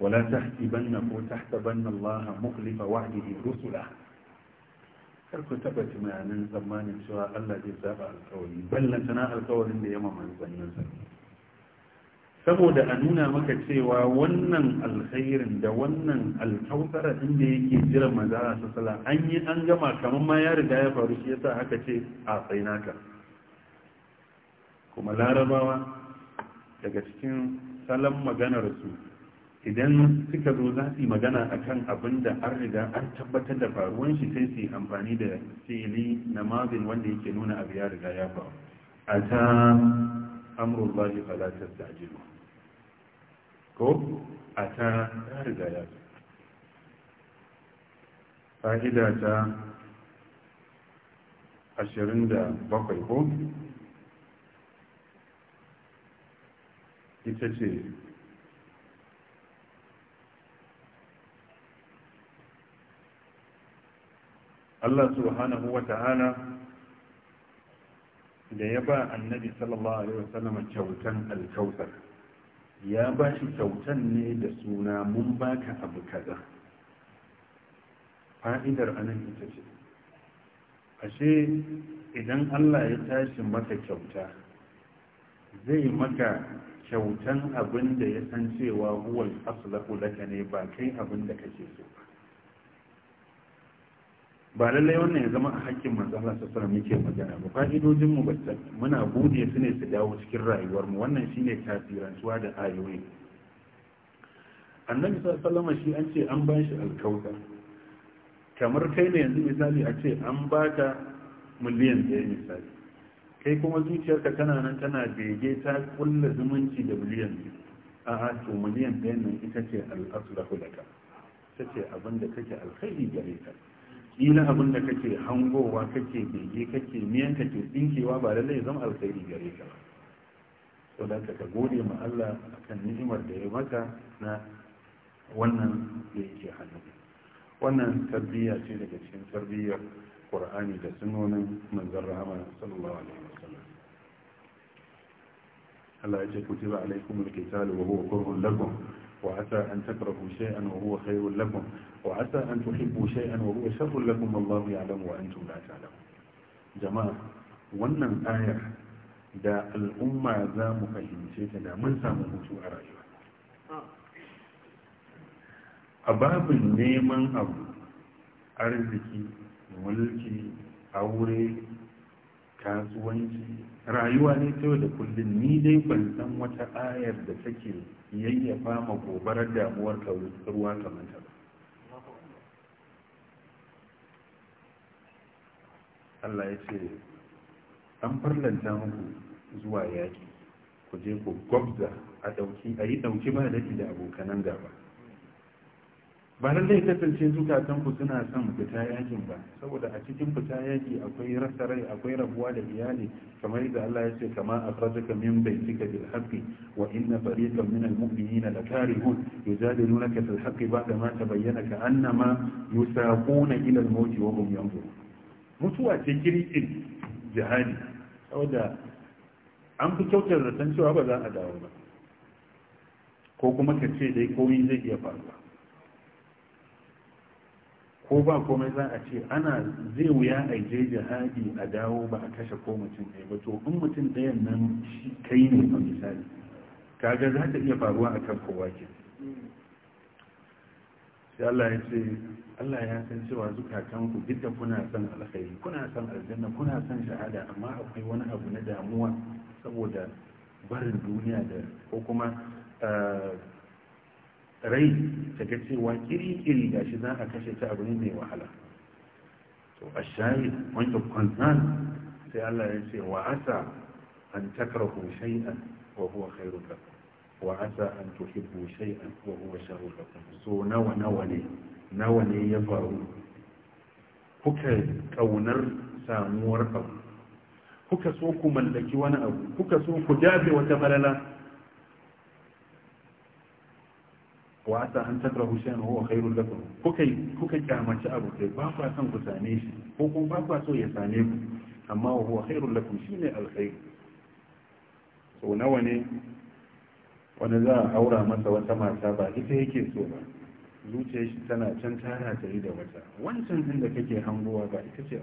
wala tahsibanna ko tahsabanna Allah mukhlifa wa'dihi rusula kar ku taba tunanin tsammanin cewa Allah zai zaba alkawari ballan tana alƙawarin da ya manzannin sa saboda a nuna maka cewa wannan alkhairin da wannan alkautara inda yake jira maza a sassala, an yi an gama kamar ma ya riga ya faru shi yasa aka ce a tsainaka kuma larabawa daga cikin salon maganar su idan suka zo za su yi magana a kan abin da an riga an tabbatar da faruwan shi sai su yi amfani da fi'ili na mazin wanda yake nuna abu ya riga ya faru a ta amurullahi falatar da ajiyar ko a ta ya riga ya faru fa'ida ta 27 ko ita ce Allah subhanahu wa ta'ala da ya ba annabi sallallahu alaihi wasallam kyautan alkautar ya ba shi kyautan ne da suna mun baka abu kaza fa'idar anan ita ce ashe idan Allah ya tashi maka kyauta zai maka kyautan abin da ya san cewa huwal aslahu laka ne ba kai abin da kake so ba ba lallai wannan ya zama a hakkin manzo Allah sallallahu muke magana ba fa'idojin mu ba muna bude su ne su dawo cikin rayuwar mu wannan shine tasirantuwa da ayoyi annabi sallallahu alaihi shi an ce an ba shi kamar kai ne yanzu misali a ce an baka miliyan ɗaya misali kai kuma zuciyarka tana nan tana bege ta kulla zumunci da miliyan biyu a'a to miliyan ɗaya nan ita ce da hulaka ita ce abin da kake alkhairi gare ka kila abin da kake hangowa kake bege kake miyan kake tsinkewa ba lallai ya zama alkhairi gare ka ba to da ka gode ma Allah akan ni'imar da ya maka na wannan da yake hannu wannan tarbiyya ce daga cikin tarbiyyar Qur'ani da sunnonin manzon rahama sallallahu alaihi wasallam Allah ya ce kutiba alaikumul qitalu wa huwa kurhun lakum an takrahu shay'an wa huwa خير lakum وعسى أن تحبوا شيئا وهو شر لكم الله يعلم وأنتم لا تعلمون جماعة wannan الآية دا الأمة za mu fahimce ta da mun samu hutu a rayuwa a babin neman abu kasuwanci rayuwa ne ta da kullum ni dai ban san wata ayar da take yayyafa ma gobarar damuwar ruwa kamar ta ba Allah ya ce an farlanta muku zuwa yaƙi ku je ku gwabza a ɗauki a yi ɗauki ba daɗi da abokanan gaba ba zai kasance zukatanku suna son fita yakin ba saboda a cikin fita yaki akwai rasa rai akwai rabuwa da iyali kamar yadda Allah ya ce kama a akhrajaka min cika bil haqqi wa inna fariqan min al mu'minina nuna ka fil haqqi da ma bayyana ka annama yusaquna ila al mawt wa hum yanzurun mutuwa ce kirikin jihadi saboda an fi kyautar da san cewa ba za a dawo ba ko kuma ka ce dai komai zai iya faruwa ko ba komai za a ce ana zai wuya a je jihadi a dawo ba a kashe ko mutum ɗaya ba to in mutum ɗayan nan kai ne a misali kaga za ta iya faruwa a kan kowa ke sai Allah ya ce Allah ya san cewa zukatan ku duk da kuna san alkhairi kuna son aljanna kuna san shahada amma akwai wani abu na damuwa saboda barin duniya da ko kuma eh, rai ta ga cewa kiri-kiri ga shi za a kashe ta abu ne mai wahala to a shayi wanda kwanzan sai Allah ya ce wa asa an takarhu shay'an wa huwa khairu wa asa an tuhibbu shay'an wa huwa sharrun lakum so nawa nawa ne nawa ne ya faru kuka kaunar samuwar abu kuka so ku mallaki wani abu kuka so ku dafe wata balala wa asa an takrahu shay'an huwa khairul lakum kuka kuka kyamaci abu kai ba ku san ku same shi ko kuma ba ku so ya same ku amma huwa khairul lakum shine alkhair so nawa ne wani za a aura masa wata mata ba ita yake so ba zuciyar shi tana can tara ta yi da wata wancan din da kake hangowa ba ita ce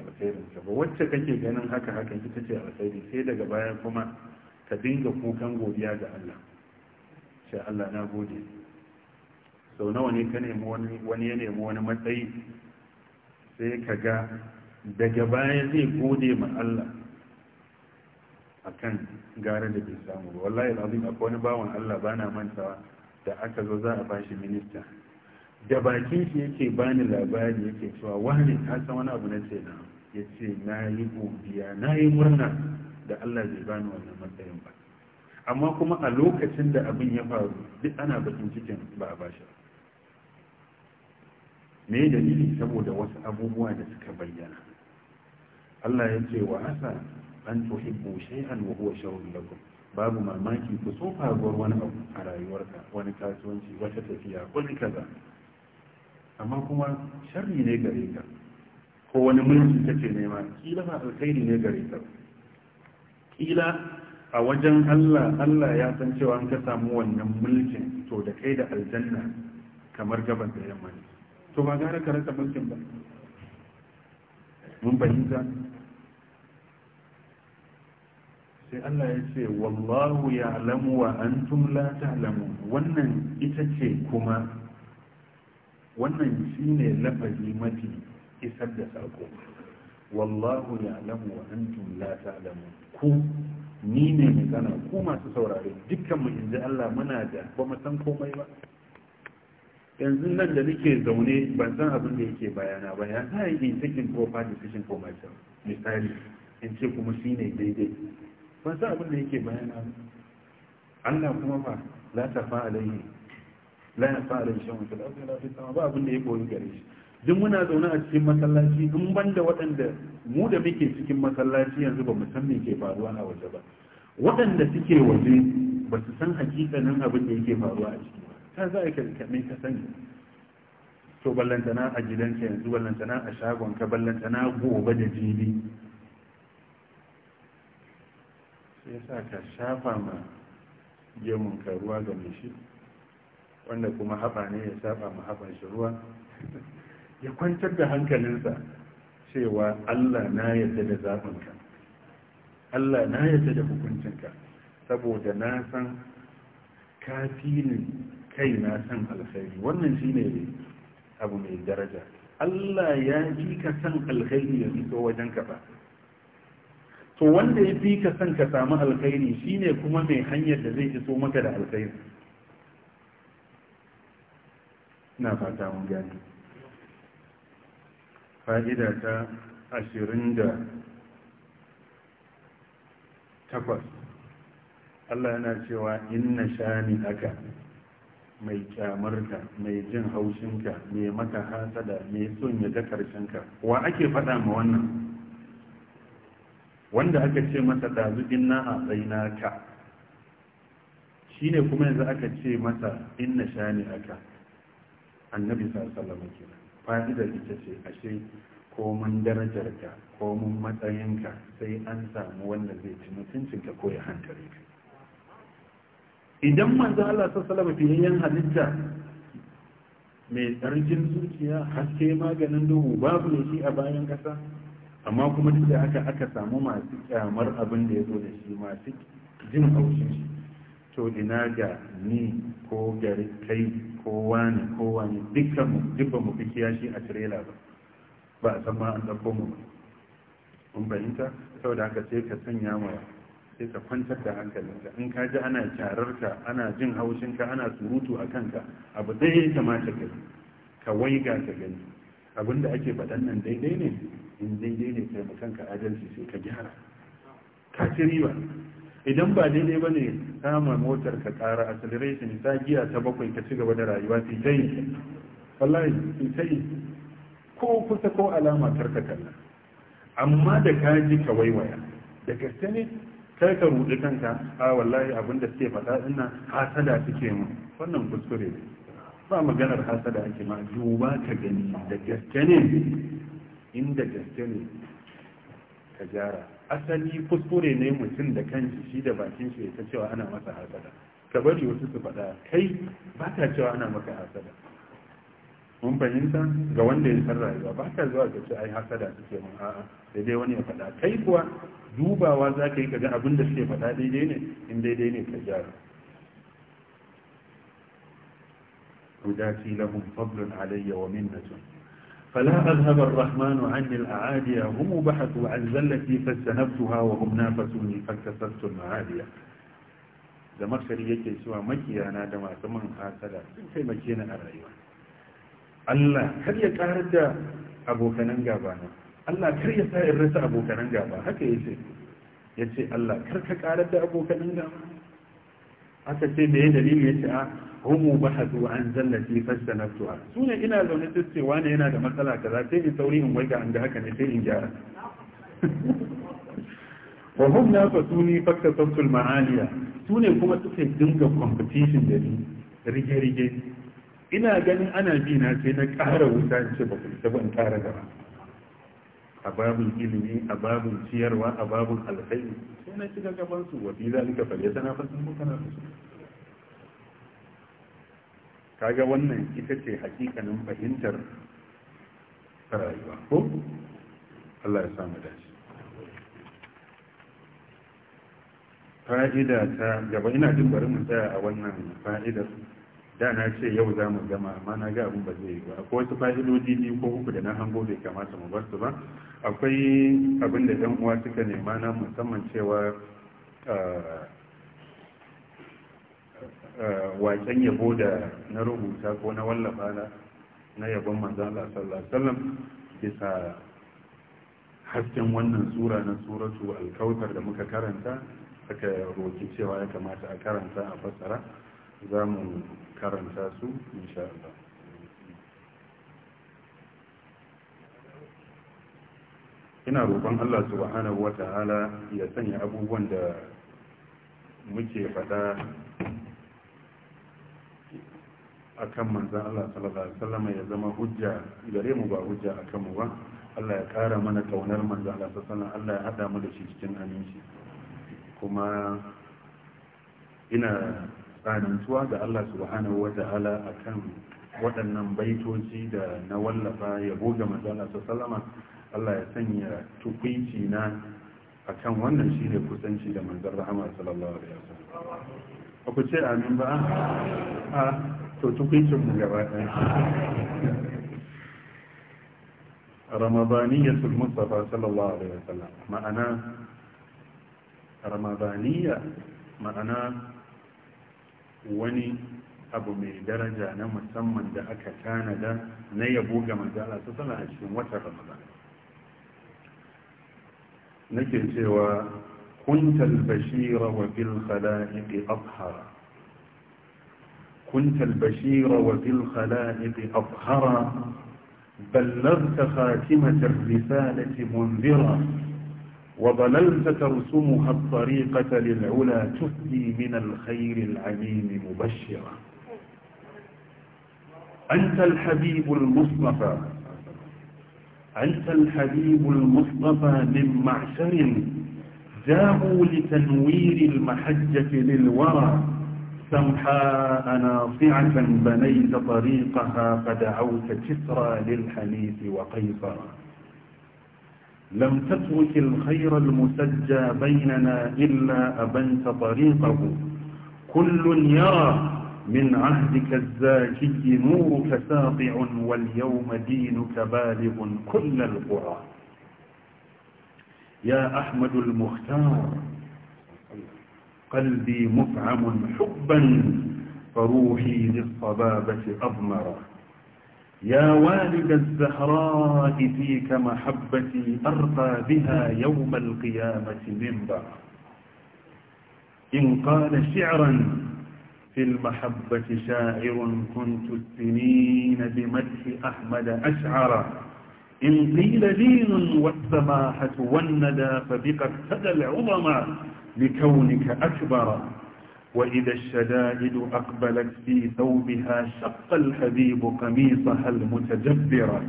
ta ba wacce kake ganin haka hakan ita ce alkhairi sai daga baya kuma ka dinga kukan godiya ga Allah sai Allah na gode sau nawa ne ka nemi wani ya nemi wani matsayi sai ka ga daga baya zai gode ma Allah akan gara da bai samu ba wallahi alazim akwai wani bawan Allah bana mantawa da aka zo za a bashi minista da bakin shi yake bani labari yake cewa wani ka san wani abu na ce na yace na yi godiya na yi murna da Allah zai bani wannan matsayin ba amma kuma a lokacin da abin ya faru duk ana bakin cikin ba a bashi me dalili saboda wasu abubuwa da suka bayyana Allah ya ce wa asa an tuhibbu shay'an wa huwa sharrun lakum babu mamaki ku so faruwar wani abu a rayuwarka wani kasuwanci wata tafiya ni kaza amma kuma sharri ne gare ka ko wani mulki kake nema kila ba alkhairi ne gare ka kila a wajen Allah Allah ya san cewa an ka samu wannan mulkin to da kai da aljanna kamar gaban da yamma to ba gara ka rasa mulkin ba mun fahimta sai Allah ya ce wallahu ya'lamu wa antum la ta'lamu wannan ita ce kuma wannan shine lafazi mafi isar da sako wallahu ya'lamu wa antum la ta'lamu ku ni ne mai gana ku masu saurare dukkan mu inji Allah muna da ba mu san komai ba yanzu nan da nake zaune ban san abin da yake bayana ba ya sa yi taking proper decision for myself misali in ce kuma shine daidai ban san abin da yake bayana Allah kuma fa la fa alayhi la yafa alayhi shay'un fil ardi la sama ba abin da ya koyi gare shi duk muna zaune a cikin masallaci in banda waɗanda mu da muke cikin masallaci yanzu ba mu san me ke faruwa a waje ba waɗanda suke waje ba su san hakikanin abin da yake faruwa a ciki ba ta za a karkame ka sani to ballantana a gidanka yanzu ballantana a shagonka ballantana gobe da jibi shi yasa ka shafa ma gemun ka ruwa ga mai shi wanda kuma haɓa ne ya shafa ma haɓan shi ruwa ya kwantar da hankalinsa cewa Allah na yadda da zaɓinka Allah na yadda da hukuncinka saboda na san kafinin kai na san alkhairi wannan shi ne abu mai daraja Allah ya ji ka san alkhairi ya zo wajen ka ba to wanda ya fi ka son ka samu alkhairi shine kuma mai hanyar da zai iso maka da alkhairi na fata mun gani fa'ida ta ashirin da takwas Allah yana cewa inna shani aka mai kyamarka mai jin haushinka mai maka hasada mai son ya ga karshenka wa ake faɗa ma wannan wanda aka ce masa 'Dazu, inna a ka shi ne kuma yanzu aka ce masa inna sha ne aka annabi sallama kenan fa'idar ita ce ashe komin darajarka komin matsayinka sai an samu wanda zai ci mutuncinka ko ya hankali ka idan manzo Allah wasallam fiyayyen halitta mai tsarkin zuciya haske maganin duhu babu ne shi a bayan ƙasa amma kuma duk da haka aka samu masu kyamar abin da ya zo da shi masu jin haushin to ina ga ni ko gari kai ko wani ko wani dukkan mu duk ba mu fi kiyashi a tirela ba ba a san ma an ɗauko mu mun saboda haka sai ka sanya ma sai ka kwantar da hankalinka in ka ji ana kyararka ana jin haushin ka ana surutu a kanka abu zai ya kamata ka ka waiga ka gani abinda ake faɗan nan daidai ne in daidai ne kai ka adalci sai ka gyara ka ci riba idan ba daidai ba ne kama motar ka tsara acceleration ta giya ta bakwai ka ci gaba da rayuwa sai ta wallahi sai ta ko kusa ko alama karka kalla amma da ka ji ka waiwaya da gaske ne kai ka rudi kanka a wallahi abin da suke faɗa ina hasada suke mu wannan kuskure ba maganar hasada ake ma duba ka gani da gaske ne inda gaske ka jara, asali kuskure ne mutum da kanshi shi da bakin shi ta cewa ana masa hasada ka bari wasu su faɗa kai ba ta cewa ana maka hasada mun fahimta ga wanda ya san rayuwa ba ta zuwa ga ce ai hasada suke mun a'a da dai wani ya faɗa kai kuwa dubawa za ka yi ka ga abin da suke faɗa daidai ne in daidai ne ka Ku rudati lahum fadlun alayya wa minnatun فلا أذهب الرحمن عني الأعادية هم بحثوا عن زلتي فاستنبتها وهم نافسوني فاكتسبت المعادية da makari yake cewa makiyana da masu man hasada sun taimake ni a rayuwa Allah kar ya karar abokanan gaba na Allah kar ya sa in rasa abokanan gaba haka yace yace Allah kar ka karar abokanan gaba ce a umu bahatu an zallati Su ne ina zaune ta ce wani yana da matsala kaza sai in sauri in waiga an ga haka ne sai in gyara wa hum nafasuni faktasabtu al-ma'aliya ne kuma suka dinga competition da ni rige rige ina ganin ana bi na sai na ƙara wuta in ce ba ku ta ban ƙara gaba a babun ilimi a babun ciyarwa a babun alkhairi sai na shiga gaban su wa bi zalika fa yatanafasu mutana su kaga wannan ita ce hakikanin fahimtar rayuwa ko Allah ya samu dace fa'ida ta gaba ina jin bari mu tsaya a wannan fa'idar da na ce yau za mu gama amma na ga abin ba zai yi ba akwai wasu fa'idodi biyu ko uku da na hango bai kamata mu bar su ba akwai abin da yan uwa suka nema na musamman cewa ah, Eh, waken yabo da na rubuta ko na wallafa na na yabon manzan Allah sallallahu alaihi wasallam bisa hasken wannan sura na suratu alkautar da muka karanta aka roki cewa ya kamata a karanta a fasara za mu karanta su insha Allah ina roƙon Allah subhanahu wata'ala ya sanya abubuwan da muke faɗa akan manzan Allah sallallahu alaihi wasallam ya zama hujja gare mu ba hujja akan mu ba Allah ya kara mana kaunar manzan Allah sallallahu alaihi Allah ya hada mu da shi cikin aminci kuma ina tsanantuwa ga Allah subhanahu wata'ala akan waɗannan baitoci da na wallafa ya goga manzan Allah sallallahu alaihi Allah ya sanya tukunci na akan wannan shi ne kusanci da manzan rahama sallallahu alaihi wasallam ba ku ce amin ba a ah, رمضانية المصطفى صلى الله عليه وسلم معنا رمضانية معنا وني أبو مي درجة أنا سمى دعك كان دا أبو مجالة صلى الله عليه وسلم رمضان نكن سوى كنت البشير وفي الخلائق أظهر كنت البشير وفي الخلائق أطهرا بلغت خاتمة الرسالة منذرا وضللت ترسمها الطريقة للعلا تفدي من الخير العليم مبشرا أنت الحبيب المصطفى أنت الحبيب المصطفى من معشر جاءوا لتنوير المحجة للورى سمحاء ناصعة بنيت طريقها فدعوت كسرى للحنيف وقيصرا لم تترك الخير المسجى بيننا إلا أبنت طريقه كل يرى من عهدك الزاكي نورك ساطع واليوم دينك بالغ كل القرى يا أحمد المختار قلبي مفعم حبا فروحي للصبابة أضمر يا والد الزهراء فيك محبتي أرقى بها يوم القيامة منبر إن قال شعرا في المحبة شاعر كنت السنين بمدح أحمد أشعر إن قيل لين والسماحة والندى فبقى اقتدى العظمى لكونك أكبر وإذا الشدائد أقبلت في ثوبها شق الحبيب قميصها المتجبرة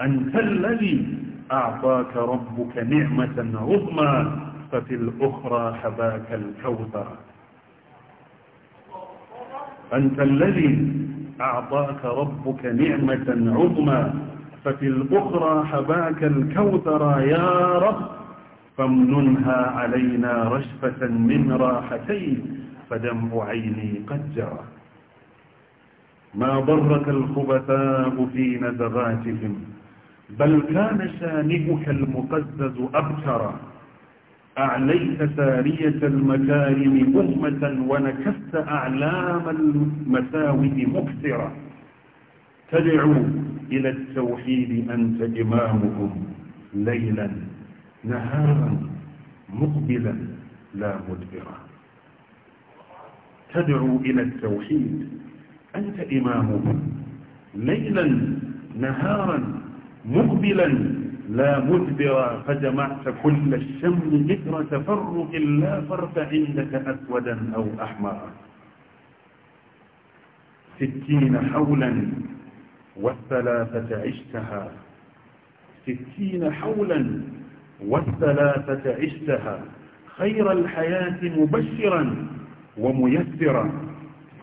أنت الذي أعطاك ربك نعمة عظمى ففي الأخرى حباك الكوثر أنت الذي أعطاك ربك نعمة عظمى ففي الأخرى حباك الكوثر يا رب فامننها علينا رشفة من راحتين فدمع عيني قد جرى ما ضرك الخبثاء في نزغاتهم بل كان شانئك المقزز أبترا أعليت سارية المكارم أمة ونكست أعلام المساوئ مكسرا تدعو إلى التوحيد أنت إمامهم ليلا نهارا مقبلا لا مدبرا تدعو إلى التوحيد أنت إمامه ليلا نهارا مقبلا لا مدبرا فجمعت كل الشمل ذكر تفرق لا فرق عندك أسودا أو أحمرا ستين حولا والثلاثة عشتها ستين حولا والثلاثة عشتها خير الحياة مبشرا وميسرا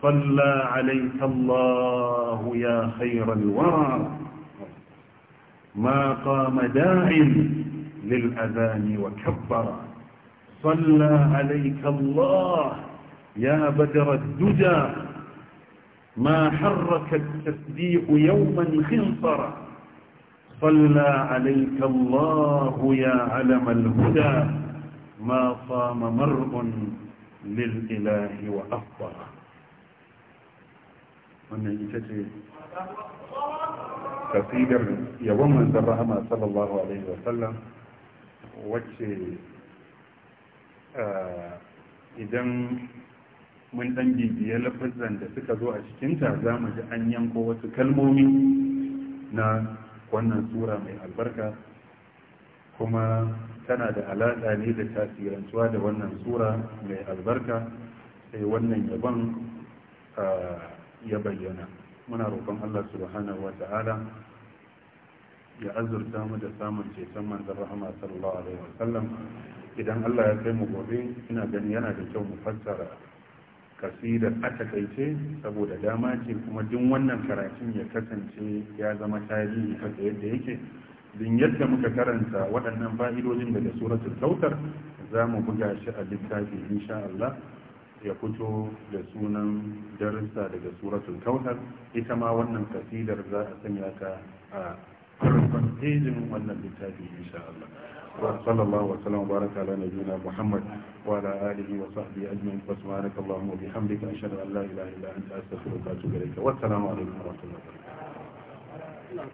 صلى عليك الله يا خير الورى ما قام داع للأذان وكبر صلى عليك الله يا بدر الدجى ما حرك التسبيح يوما خنصرا صلى عليك الله يا علم الهدى ما صام مرء للإله وأفطر wannan ita ce kasidar yabon manzan rahama sallallahu alaihi wa sallam. wacce idan mun dan bibiye lafazan da suka zo a cikinta za mu ji an yanko wasu kalmomi na wannan sura mai albarka kuma tana da alaƙa ne da tasirantuwa da wannan sura mai albarka sai wannan yabon ya bayyana muna roƙon Allah subhanahu wa ta'ala ya azurta mu da samun ceton manzon rahama sallallahu alaihi wasallam idan Allah ya kai mu gobe ina gani yana da kyau mu fassara kasidar a takaice saboda dama ce kuma duk wannan karatun ya kasance ya zama tarihi kasa yadda yake din yadda muka karanta waɗannan fa'idojin daga suratun kautar za mu buga shi a littafi insha Allah ya fito da sunan darussa daga suratun kautar ita ma wannan kasidar za a sanya ka a farkon pejin wannan littafi insha Allah وصلى الله وسلم وبارك على نبينا محمد وعلى آله وصحبه أجمعين فسبحانك اللهم وبحمدك أشهد أن لا إله إلا أنت أستغفرك وأتوب إليك والسلام عليكم ورحمة الله وبركاته